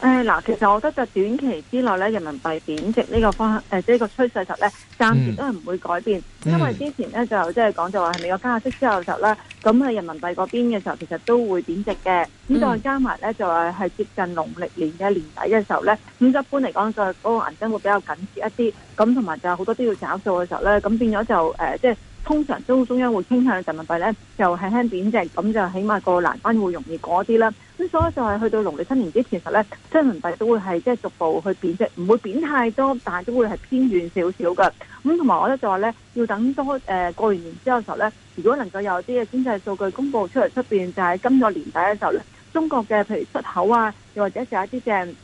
誒、哎，嗱，其實我覺得就短期之內咧，人民幣貶值呢個方向，誒即係個趨勢就咧，暫時都係唔會改變，嗯，因為之前咧、嗯、就即係講就話係美國加息之後就咧，咁喺人民幣嗰邊嘅時候其實都會貶值嘅，咁、嗯、再加埋咧就係係接近農曆年嘅年底嘅時候咧，咁一般嚟講就係嗰個銀根會比較緊縮一啲，咁同埋就係好多都要找數嘅時候咧，咁變咗就誒即係。呃就是通常中中央會傾向人民幣咧，就輕輕貶值，咁就起碼個難關會容易過啲啦。咁所以就係去到農曆新年之前，其實咧，新人民幣都會係即係逐步去貶值，唔會貶太多，但係都會係偏軟少少嘅。咁同埋我覺得就係咧，要等多誒、呃、過完年之後嘅時候咧，如果能夠有啲嘅經濟數據公布出嚟出面就係、是、今個年底嘅時候咧，中國嘅譬如出口啊，又或者係一啲誒。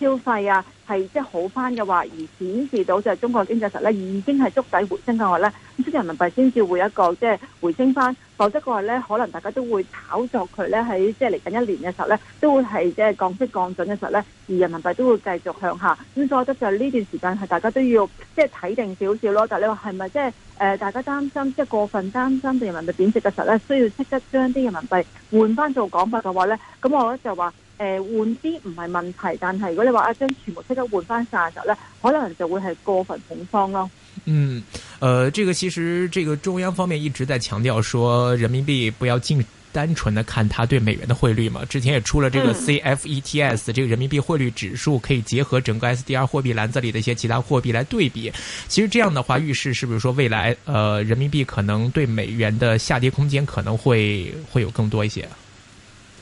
消費啊，係即係好翻嘅話，而顯示到就係中國經濟實咧已經係築底回升嘅話咧，咁即人民幣先至會一個即係回升翻，否則嘅話咧，可能大家都會炒作佢咧，喺即係嚟緊一年嘅時候咧，都會係即係降息降準嘅時候咧，而人民幣都會繼續向下。咁所以，我覺得就呢段時間係大家都要即係睇定少少咯。但你話係咪即係誒大家擔心即係、就是、過分擔心對人民幣貶值嘅時候咧，需要即刻將啲人民幣換翻做港幣嘅話咧，咁我咧就話。誒、呃，換啲唔係問題，但係如果你話啊將全部即刻換翻晒嘅呢，可能就會係過分恐慌咯。嗯，誒、呃，這個其實，這個中央方面一直在強調說，人民幣不要淨單純的看它對美元的匯率嘛。之前也出了這個 CFETS，、嗯、這個人民幣匯率指數，可以結合整個 SDR 貨幣籃子裏的一些其他貨幣來對比。其實這樣的話，預示是不是說未來，呃，人民幣可能對美元的下跌空間可能會會有更多一些。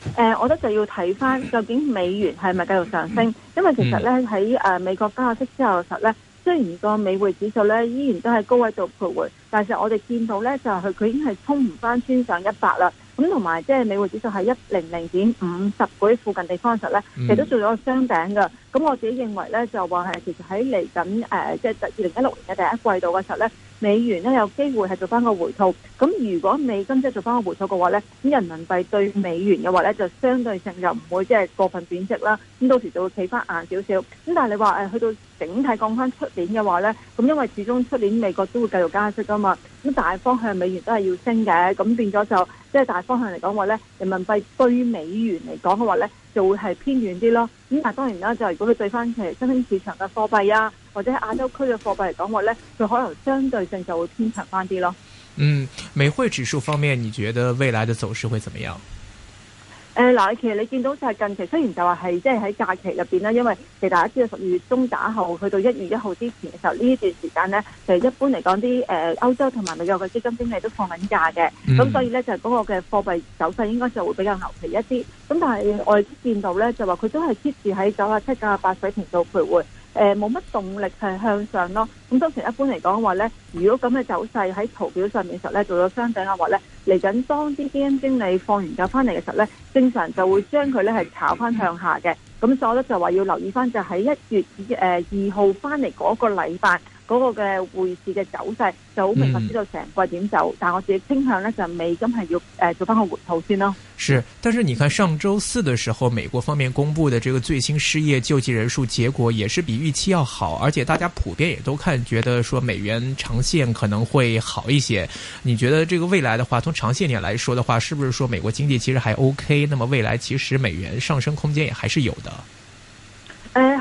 誒、呃，我覺得就要睇翻究竟美元係咪繼續上升，因為其實咧喺誒美國加息之後嘅時候咧，雖然個美匯指數咧依然都喺高位度徘徊，但係我哋見到咧就係佢佢已經係衝唔翻穿上一百啦，咁同埋即係美匯指數係一零零點五十嗰附近地方嘅時候咧，其實都做咗個雙頂噶，咁、嗯、我自己認為咧就話係其實喺嚟緊誒即係二零一六年嘅第一季度嘅時候咧。美元咧有機會係做翻個回吐，咁如果美金即係做翻個回吐嘅話咧，咁人民幣對美元嘅話咧就相對性就唔會即係過分貶值啦，咁到時就會企翻硬少少。咁但係你話誒去到整體講翻出年嘅話咧，咁因為始終出年美國都會繼續加息啊嘛，咁大方向美元都係要升嘅，咁變咗就即係、就是、大方向嚟講話咧，人民幣對美元嚟講嘅話咧就會係偏軟啲咯。咁但係當然啦，就如果佢對翻新興市場嘅貨幣啊，或者是亞洲區嘅貨幣嚟講話咧，佢可能相對性就會偏強翻啲咯。嗯，美匯指數方面，你覺得未來嘅走勢會點樣？誒、呃、嗱，其實你見到就係近期雖然就話係即係喺假期入邊咧，因為其實大家知道十二月中打後去到一月一號之前嘅時候，呢段時間咧，其實一般嚟講啲誒歐洲同埋美國嘅基金經理都放緊假嘅，咁、嗯、所以咧就嗰個嘅貨幣走勢應該就會比較牛皮一啲。咁但係我哋見到咧就話佢都係貼住喺九啊七、九啊八水平度徘徊。誒冇乜動力係向上咯，咁通常一般嚟講話咧，如果咁嘅走勢喺圖表上面嘅時候咧做咗雙頂嘅話咧，嚟緊當啲基金經理放完假翻嚟嘅時候咧，正常就會將佢咧係炒翻向下嘅，咁所以咧就話要留意翻就喺一月誒二號翻嚟嗰個禮拜。嗰個嘅匯市嘅走勢就好明確知道成個點走，但係我自己傾向呢，就未咁係要誒做翻個回吐先咯。是，但是你看上周四的時候，美國方面公布的這個最新失業救濟人數結果，也是比預期要好，而且大家普遍也都看，覺得說美元長線可能會好一些。你覺得這個未來的話，從長線嚟來說的話，是不是說美國經濟其實還 OK？那麼未來其實美元上升空間也還是有的。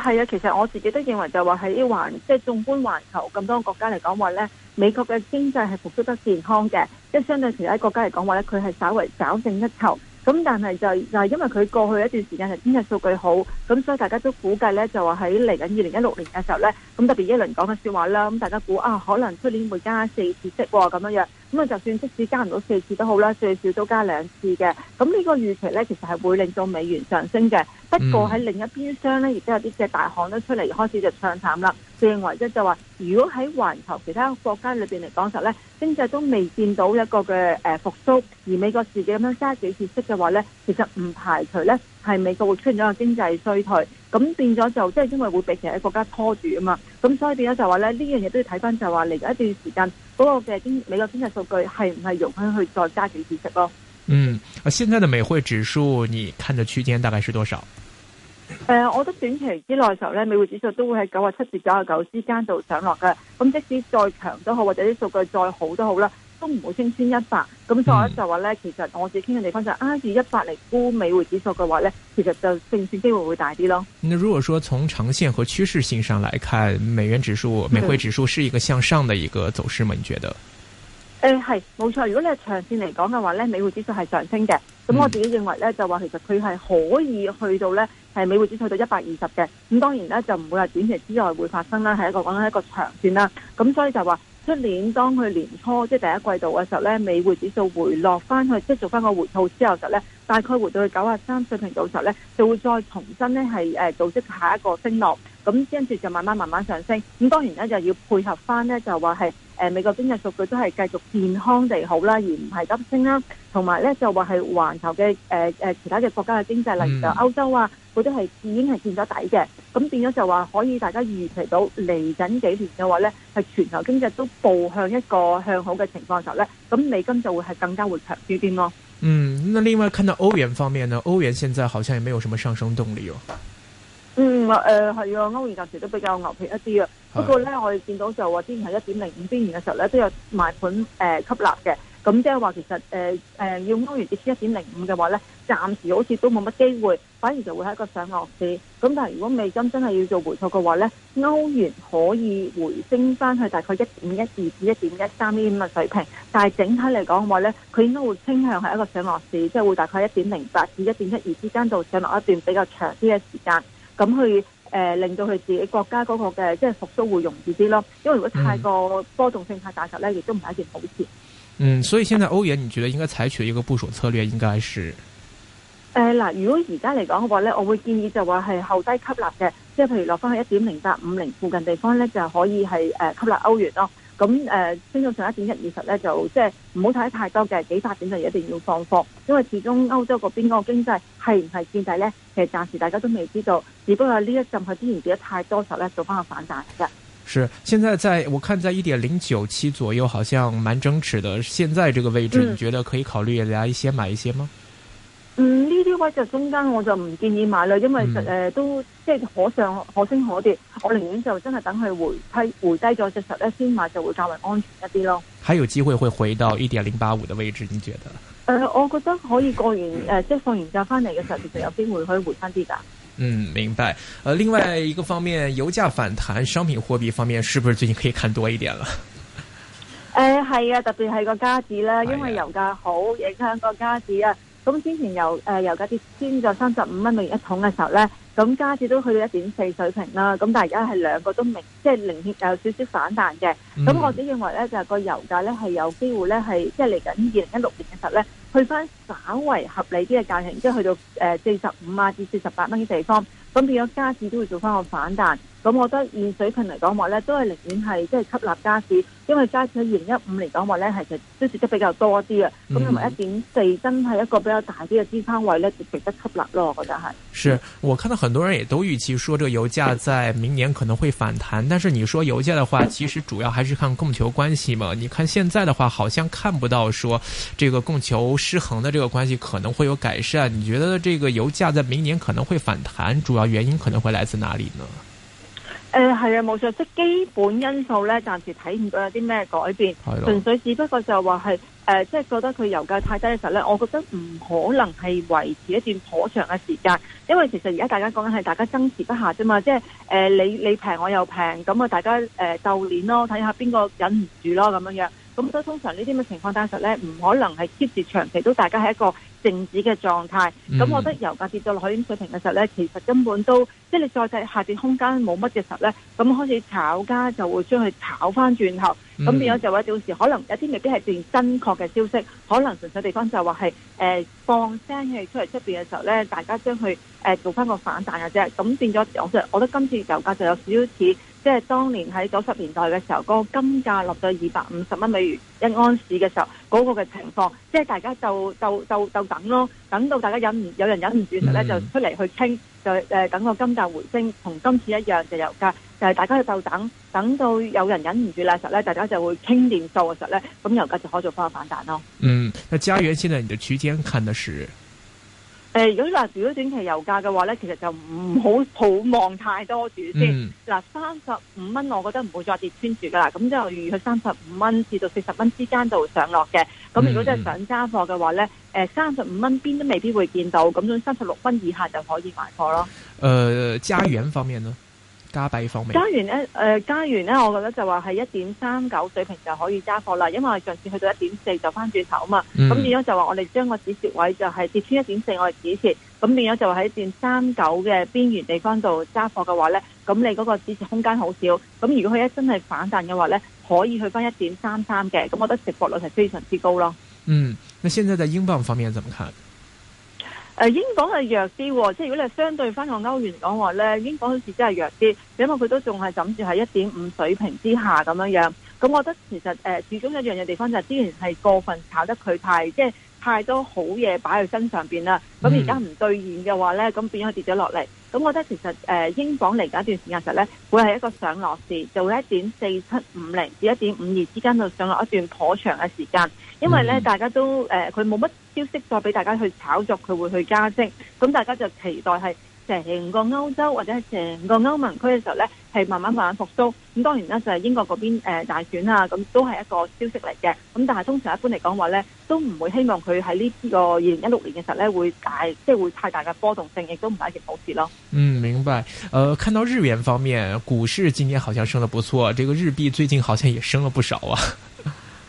係啊，其實我自己都認為就話喺環，即係縱觀環球咁多國家嚟講話咧，美國嘅經濟係復甦得健康嘅，即係相對其他國家嚟講話咧，佢係稍微稍勝一籌。咁但係就就係因為佢過去一段時間係經濟數據好，咁所以大家都估計咧就話喺嚟緊二零一六年嘅時候咧，咁特別一輪講嘅說話啦，咁大家估啊，可能出年會加四次息喎、哦，咁樣樣。咁啊，就算即使加唔到四次都好啦，最少都加兩次嘅。咁呢個預期咧，其實係會令到美元上升嘅。不過喺另一邊廂咧，亦都有啲嘅大行都出嚟開始就唱淡啦。佢認為咧就話，如果喺環球其他國家裏面嚟講實咧，經濟都未見到一個嘅誒、呃、復甦，而美國自己咁樣加幾次息嘅話咧，其實唔排除咧。係美國會出現咗個經濟衰退，咁變咗就即係因為會俾其他國家拖住啊嘛，咁所以變咗就話咧，呢樣嘢都要睇翻就話嚟緊一段時間嗰、那個嘅經美國經濟數據係唔係容許去再加幾次息咯。嗯，啊，現在的美匯指數你看嘅區間大概是多少？誒、呃，我覺得短期之內嘅時候咧，美匯指數都會喺九啊七至九啊九之間度上落嘅，咁即使再強都好，或者啲數據再好都好啦。都唔會升穿一百，咁所以就話咧、嗯，其實我自己傾嘅地方就係，啊以一百嚟估美匯指數嘅話咧，其實就正線機會會大啲咯。那如果說從長線和趨勢性上嚟看，美元指數、美匯指數是一個向上嘅一個走勢嘛？你覺得？誒係冇錯，如果你係長線嚟講嘅話咧，美匯指數係上升嘅，咁我自己認為咧就話，其實佢係可以去到咧係美匯指數到一百二十嘅，咁當然咧就唔會係短期之內會發生啦，係一個講緊一個長線啦，咁所以就話。出年當佢年初即係第一季度嘅時候咧，美匯指數回落翻去，即係做翻個回吐之後時，就咧大概回到去九十三水平嘅時候咧，就會再重新咧係誒組織下一個升落，咁跟住就慢慢慢慢上升。咁當然咧就要配合翻咧，就話係誒美國經濟數據都係繼續健康地好啦，而唔係急升啦，同埋咧就話係環球嘅誒其他嘅國家嘅經濟，例如就歐洲啊。嗰都係已經係見咗底嘅，咁變咗就話可以大家預期到嚟緊幾年嘅話咧，係全球經濟都步向一個向好嘅情況嘅時候咧，咁美金就會係更加活躍啲啲咯。嗯，那另外看到歐元方面呢？歐元現在好像也沒有什麼上升動力哦。嗯，誒係啊，歐元暫，哦嗯呃、時都比較牛皮一啲啊。不過咧，我哋見到就話之前係一點零五邊年嘅時候咧，都有賣盤誒吸納嘅。咁即係話其實誒誒，呃呃，要歐元跌穿一點零五嘅話咧。暫時好似都冇乜機會，反而就會係一個上落市。咁但係如果美金真係要做回吐嘅話呢，歐元可以回升返去大概一點一二至一點一三呢咁嘅水平。但係整體嚟講嘅話呢，佢應該會傾向係一個上落市，即係會大概一點零八至一點一二之間度上落一段比較長啲嘅時間。咁去誒、呃、令到佢自己國家嗰個嘅即係復蘇會容易啲咯。因為如果太過波動性太大嘅呢亦都唔係一件好事。嗯，所以現在歐元你覺得應該採取一個部署策略，應該是？誒、呃、嗱，如果而家嚟講嘅話咧，我會建議就話係後低吸納嘅，即係譬如落翻去一點零八五零附近地方咧，就可以係誒、呃、吸納歐元咯。咁誒升到上一點一二十咧，就即係唔好睇太多嘅，幾發展就一定要放貨，因為始終歐洲嗰邊嗰個經濟係唔係見底咧，其實暫時大家都未知道。只不過呢一陣佢之前跌得太多時候咧，做翻個反彈嘅。是，現在在我看在一點零九七左右，好像蠻爭持的。現在這個位置，你覺得可以考慮加先些、嗯、買一些嗎？嗯，呢啲位就中間，我就唔建議買啦，因為實、嗯呃、都即係可上可升可跌，我寧願就真係等佢回低，回低咗隻十一先買，就會較為安全一啲咯。還有機會會回到一點零八五的位置，你覺得？誒、呃，我覺得可以過完誒、嗯呃，即係放完假翻嚟嘅時候，其實有機會可以回翻啲㗎。嗯，明白。誒、呃，另外一個方面，油價反彈，商品貨幣方面，是不是最近可以看多一點了？誒係啊，特別係個加紙啦、哎，因為油價好影響個加紙啊。咁之前由誒油價跌穿咗三十五蚊到一桶嘅時候咧。咁加市都去到一點四水平啦，咁但係而家係兩個都明，即係明顯有少少反彈嘅。咁、嗯、我只認為咧，就個、是、油價咧係有機會咧係即係嚟緊二零一六年嘅時候咧，去翻稍為合理啲嘅價錢，即係去到誒四十五啊至四十八蚊嘅地方。咁變咗加市都會做翻個反彈。咁我覺得現水平嚟講話咧，都係寧願係即係吸納加市，因為加市喺二零一五年嚟講話咧係其實都跌得比較多啲嘅。咁同埋一點四真係一個比較大啲嘅支撐位咧，值得吸納咯。我覺得係。是，我看到很多人也都預期說，這個油價在明年可能會反彈。但是你說油價的話，其實主要還是看供求關係嘛。你看現在的話，好像看不到說這個供求失衡的這個關係可能會有改善。你覺得這個油價在明年可能會反彈，主要原因可能會來自哪裏呢？呃，係啊，冇錯，即基本因素呢，暫時睇唔到有啲咩改變，Hello. 純粹只不過就話係。誒、呃，即係覺得佢油價太低嘅時候咧，我覺得唔可能係維持一段頗長嘅時間，因為其實而家大家講緊係大家爭持不下啫嘛，即係誒、呃、你你平我又平，咁啊大家誒、呃、鬥戰鬥耐咯，睇下邊個忍唔住咯咁樣。咁所以通常呢啲咁嘅情況，其實咧唔可能係 keep 住長期都大家喺一個靜止嘅狀態。咁、嗯嗯嗯嗯、我覺得油價跌到落海點水平嘅時候咧，其實根本都即係你再睇下跌空間冇乜嘅時候咧，咁開始炒家就會將佢炒翻轉頭。咁、嗯嗯、變咗就話到時可能有啲未必係真確嘅消息，可能純粹地方就話係誒放聲氣出嚟出面嘅時候咧，大家將佢、呃、做翻個反彈嘅啫。咁、嗯、變咗，我覺得我覺得今次油價就有少少似。即係當年喺九十年代嘅時候，個金價落到二百五十蚊美元一盎司嘅時候，嗰個嘅情況，即係大家就就就就等咯，等到大家忍唔有人忍唔住嘅時候呢，就出嚟去傾，就誒等個金價回升，同今次一樣就油價，就係大家就等等到有人忍唔住啦，時候呢大家就會傾掂數嘅時候呢，咁油價就可做翻個反彈咯。嗯，那家園現在你嘅區間看的是？誒，如果嗱，如果短期油價嘅話咧，其實就唔好好望太多住先。嗱、嗯，三十五蚊，我覺得唔會再跌穿住噶啦。咁就預期三十五蚊至到四十蚊之間就上落嘅。咁如果真係想加貨嘅話咧，誒，三十五蚊邊都未必會見到。咁樣三十六蚊以下就可以買貨咯。誒、呃，加元方面呢？加幣方面，加完咧，誒、呃、加完咧，我覺得就話係一點三九水平就可以揸貨啦，因為上次去到一點四就翻轉頭啊嘛。咁變咗就話我哋將個止蝕位就係跌穿一點四我哋止蝕，咁變咗就話喺一點三九嘅邊緣地方度揸貨嘅話咧，咁你嗰個止蝕空間好少。咁如果佢一真係反彈嘅話咧，可以去翻一點三三嘅，咁我覺得值博率係非常之高咯。嗯，那現在在英鎊方面怎麼看？誒英鎊係弱啲喎，即係如果你係相對翻個歐元嚟講話咧，英鎊好似真係弱啲，因為佢都仲係枕住喺一點五水平之下咁樣樣。咁我覺得其實誒、呃，始終一樣嘅地方就係之前係過分炒得佢太，即係太多好嘢擺喺身上面啦。咁而家唔兌現嘅話咧，咁變咗跌咗落嚟。咁我覺得其實誒英鎊嚟緊一段時間咧時，會係一個上落市，就會一點四七五零至一點五二之間就上落一段頗長嘅時間，因為咧大家都誒佢冇乜消息再俾大家去炒作，佢會去加息。咁大家就期待係。成個歐洲或者係成個歐盟區嘅時候咧，係慢慢慢慢復甦。咁、嗯、當然呢，就係、是、英國嗰邊誒大選啊，咁都係一個消息嚟嘅。咁但係通常一般嚟講話咧，都唔會希望佢喺呢個二零一六年嘅時候咧會大，即係會太大嘅波動性，亦都唔係一件好事咯。嗯，明白。誒、呃，看到日元方面，股市今年好像升得不錯，這個日幣最近好像也升了不少啊。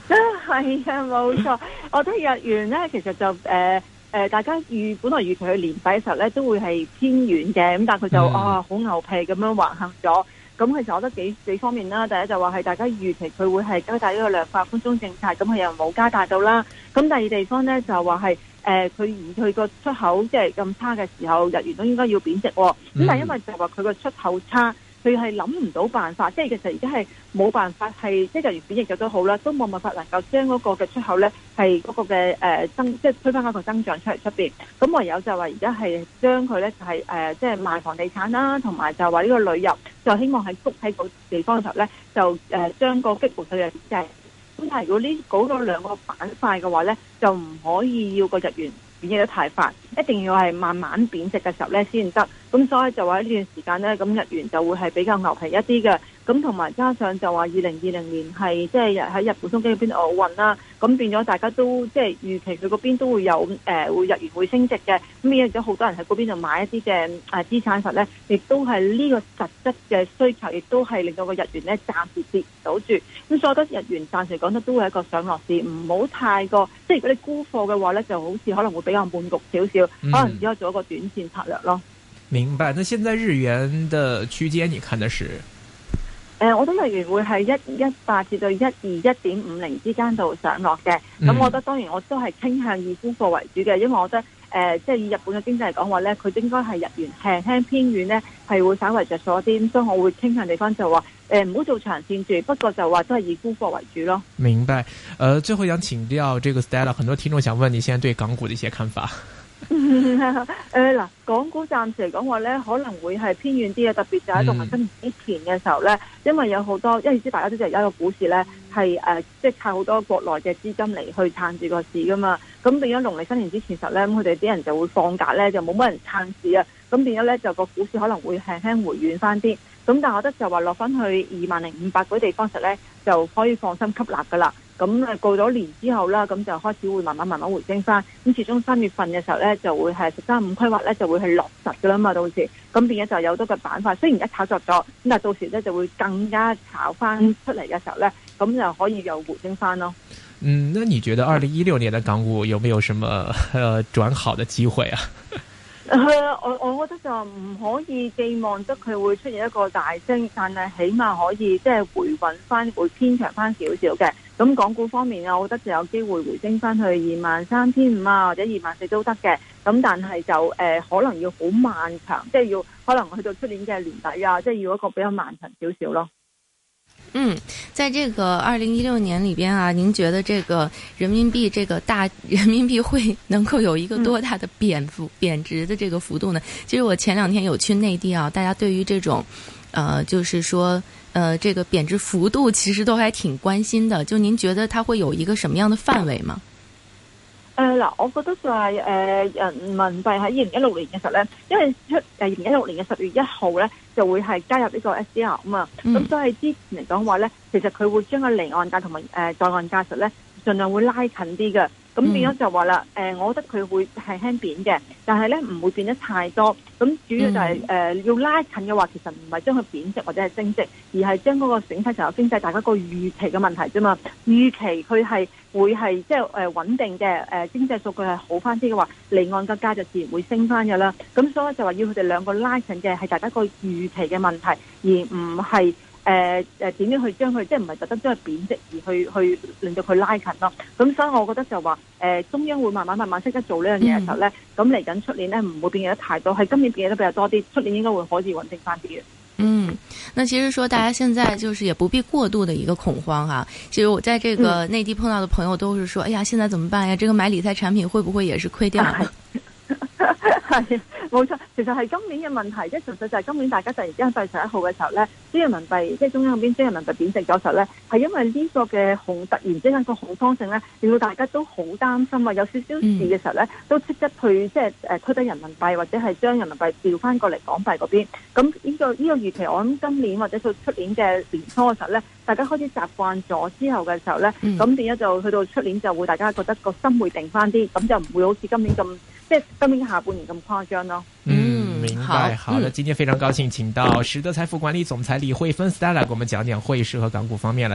真係 啊，冇錯。我覺得日元咧，其實就誒。呃誒、呃，大家預本來預期佢年底嘅時候咧，都會係偏軟嘅，咁但係佢就、嗯、啊好牛皮咁樣橫行咗。咁、嗯、其實我覺得幾幾方面啦。第一就話係大家預期佢會係加大呢個量化寬鬆政策，咁佢又冇加大到啦。咁第二地方咧就話係，誒佢而佢個出口即係咁差嘅時候，日元都應該要貶值喎、哦。咁、嗯、但係因為就話佢個出口差。佢係諗唔到辦法，即係其實而家係冇辦法係即係日元轉譯咗都好啦，都冇辦法能夠將嗰個嘅出口咧係嗰個嘅誒增，即係推翻嗰個增長出嚟出邊，咁唯有就話而家係將佢咧就係即係賣房地產啦、啊，同埋就話呢個旅遊，就希望係縮喺個地方嘅時候咧就誒、呃、將個激活佢嘅經濟。咁係如果呢搞咗兩個板塊嘅話咧，就唔可以要個日元。貶值得太快，一定要係慢慢貶值嘅時候咧先得，咁所以就話呢段時間咧，咁日元就會係比較牛皮一啲嘅。咁同埋加上就話二零二零年係即係喺日本東京嗰邊奧運啦，咁變咗大家都即係預期佢嗰邊都會有誒會、呃、日元會升值嘅，咁變咗好多人喺嗰邊就買一啲嘅誒資產實咧，亦都係呢個實質嘅需求，亦都係令到個日元咧暫時跌唔到住。咁所以我覺得日元暫時嚟講咧都會係一個上落市，唔好太過即係，如果你沽貨嘅話咧，就好似可能會比較悶局少少，可能只係做一個短綫策略咯，嗯。明白。那現在日元嘅區間，你看的是？誒、呃，我得例如會係一一八至到一二一點五零之間度上落嘅，咁我覺得當然我都係傾向以沽貨為主嘅，因為我覺得誒、呃，即係以日本嘅經濟嚟講話咧，佢應該係日元輕輕偏軟咧，係會稍為着數啲。咁所以我會傾向地方就話，誒唔好做長線住，不過就話都係以沽貨為主咯。明白，誒、呃，最後想請教這個 Stella，很多聽眾想問你現在對港股的一些看法。誒嗱，港股暫時嚟講話咧，可能會係偏遠啲啊，特別在、嗯嗯呃、就喺、是、農曆新年之前嘅時候咧，因為有好多因為知家都就有一個股市咧係誒，即係靠好多國內嘅資金嚟去撐住個市噶嘛。咁變咗農曆新年之前實咧，咁佢哋啲人就會放假咧，就冇乜人撐市啊。咁變咗咧，就個股市可能會輕輕回軟翻啲。咁但係我覺得就話落翻去二萬零五百嗰啲地方實咧，就可以放心吸納噶啦。咁誒過咗年之後啦，咁就開始會慢慢慢慢回升翻。咁始終三月份嘅時候咧，就會係十三五規劃咧就會去落實噶啦嘛。到時咁變咗就有多個板塊，雖然一炒作咗，咁但係到時咧就會更加炒翻出嚟嘅時候咧，咁、嗯、就可以又回升翻咯。嗯，那你覺得二零一六年嘅港股有沒有什麼誒、呃、轉好的機會啊？係、 嗯呃、啊， 我我覺得就唔可以寄望得佢會出現一個大升，但係起碼可以即係回穩翻，回偏長翻少少嘅。咁港股方面啊，我覺得就有機會回升翻去二萬三千五啊，或者二萬四都得嘅。咁但係就誒、呃，可能要好漫長，即係要可能去到出年嘅年底啊，即係要一個比較漫長少少咯。嗯，在這個二零一六年裡邊啊，您覺得這個人民幣這個大人民幣會能夠有一個多大的貶幅、貶值的這個幅度呢？嗯、其實我前兩天有去內地啊，大家對於這種，呃，就是說。呃，這個貶值幅度其實都還挺關心的，就您覺得它會有一個什麼樣的範圍嗎？誒，嗱，我覺得就係誒人民幣喺二零一六年嘅時候咧，因為出二零一六年嘅十月一號咧就會係加入呢個 SDR 啊嘛，咁、嗯、所以之前嚟講話咧，其實佢會將個離岸價同埋誒在岸價實咧盡量會拉近啲嘅。咁變咗就話啦、嗯呃，我覺得佢會係輕貶嘅，但係咧唔會變得太多。咁主要就係、是嗯呃、要拉近嘅話，其實唔係將佢貶值或者係升值，而係將嗰個整體成個經濟大家個預期嘅問題啫嘛。預期佢係會係即係誒穩定嘅誒、呃、經濟數據係好翻啲嘅話，離岸嘅價就自然會升翻嘅啦。咁所以就話要佢哋兩個拉近嘅係大家個預期嘅問題，而唔係。誒、呃、誒，點樣去將佢即係唔係特登將佢貶值，而去去令到佢拉近咯？咁所以我覺得就話，誒、呃、中央會慢慢慢慢識得做呢樣嘢嘅時候咧，咁嚟緊出年咧唔會變得太多，係今年變得比較多啲，出年應該會可以穩定翻啲嘅。嗯，那其實說大家現在就是也不必過度的一個恐慌哈、啊。其實我在這個內地碰到的朋友都是說，嗯、哎呀，現在怎麼辦呀？這個買理財產品會不會也是虧掉了？啊係冇錯，其實係今年嘅問題，即係純粹就係今年的大家突然間在十一號嘅時候咧，啲人民幣即係中央嗰邊，啲人民幣貶值咗時候咧，係因為呢個嘅恐突然之間個恐慌性咧，令到大家都好擔心啊，有少少事嘅時候咧，都即刻去即係誒推低人民幣或者係將人民幣調翻過嚟港幣嗰邊。咁呢個呢個預期，我諗今年或者到出年嘅年初嘅時候咧，大家開始習慣咗之後嘅時候咧，咁點解就去到出年就會大家覺得個心會定翻啲，咁就唔會好似今年咁。即係今年下半年咁誇張。嗯，明白。好，好的，今天非常高興，請到實德財富管理總裁李慧芬 Stella 來給我們講講匯市和港股方面了。